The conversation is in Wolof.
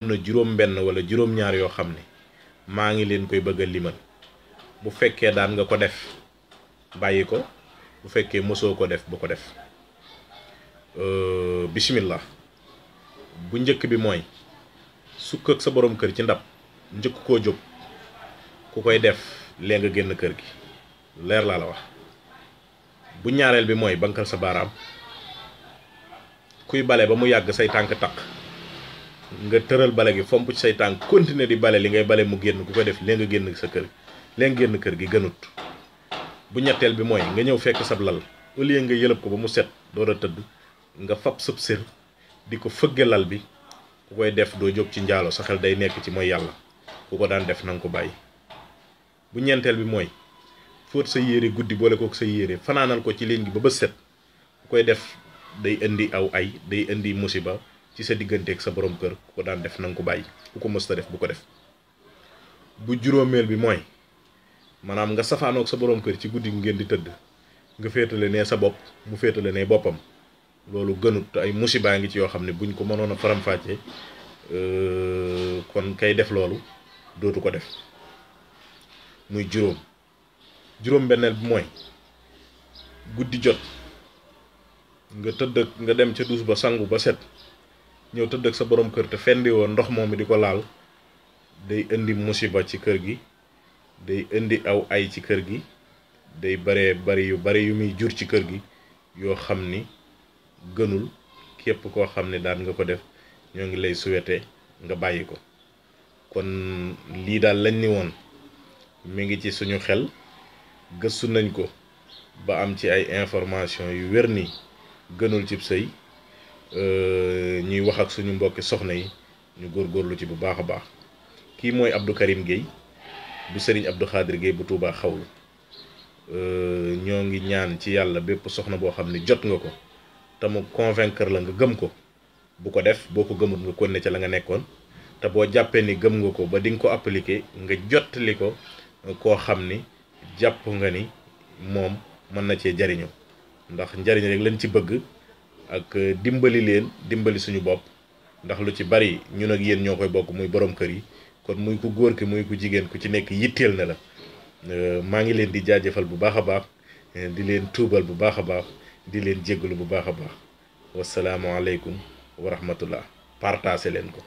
am na juróom-benn wala juróom-ñaar yoo xam ne maa ngi leen koy bëgg a bu fekkee daan nga ko def bàyyi ko bu fekkee mosoo ko def bu ko def euh, bismillah bu njëkk bi mooy sukk ak sa boroom kër ci ndab njëkk koo jóg ku koy def lee nga génn kër gi leer laa la wax bu ñaareel bi mooy bankal sa baaraam kuy bale ba mu yàgg say tànk taq nga tëral bale gi fomp ci say tànk continuer di bale li ngay bale mu génn ku ko def leen nga génn sa kër léegi génn kër gi gënut bu ñetteel bi mooy nga ñëw fekk sab lal au nga yëlëb ko ba mu set door a tëdd nga fab sëb sër di ko fëgge lal bi ku koy def doo jóg ci njaalo sa xel day nekk ci mooy yàlla ku ko daan def na ko bàyyi bu ñeenteel bi mooy fóot sa yére guddi boole kook sa yére fanaanal ko ci liin gi ba ba set ku koy def day indi aw ay day indi musiba ci sa digganteeg sa borom kër ku ko daan def na ko bàyyi ku ko mësta def bu ko def bu juróomeel bi mooy maanaam nga safaanoog sa boroom kër ci guddi gu ngeen di tëdd nga féetale ne sa bopp mu féetale ne boppam loolu gënut te ay musibaa ngi ci yoo xam ne buñ ko mënoon a faram euh, kon kay def loolu dootu ko def muy juróom juróom-benneel bi mooy guddi jot nga tëdd nga dem ca duus ba sangu ba set ñëw tëdd ak sa boroom kër te fendi woon ndox moomi di ko laal day indi musiba ci kër gi day indi aw ay ci kër gi day bare bari yu bari yu muy jur ci kër gi yoo xam ni gënul képp koo xam ne daan nga ko def ñoo ngi lay suwete nga bàyyi ko kon lii daal lañ ni woon mi ngi ci suñu xel gëstu nañ ko ba am ci ay information yu wér ni gënul cib sëy Euh, ñuy wax ak suñu mbokki soxna yi ñu góor góorlu ci bu baax a baax kii mooy Abdou Karim Guèye bu sëriñ Abdou Khadir géey bu Touba xawlu euh, ñoo ngi ñaan ci yàlla bépp soxna boo xam ne jot nga ko te mu convaincre la nga gëm ko bu ko def boo ko gëmut nga konne ca la nga nekkoon te boo jàppee ni gëm nga ko ba di nga ko appliquer nga jottali ko euh, koo xam ni jàpp nga ni moom mën na cee jariñu ndax njariñ rek lañ ci bëgg ak euh, dimbali leen dimbali suñu bopp ndax lu ci bari ñu nag yéen ñoo koy bokk muy borom kër yi kon muy ku góor ki muy ku jigéen ku ci nekk yitteel na la euh, maa ngi leen di jaajëfal bu baax a baax euh, di leen tuubal bu baax a baax di leen jéggalu bu baax a baax wasalaamualeykum wa rahmatullah partagé leen ko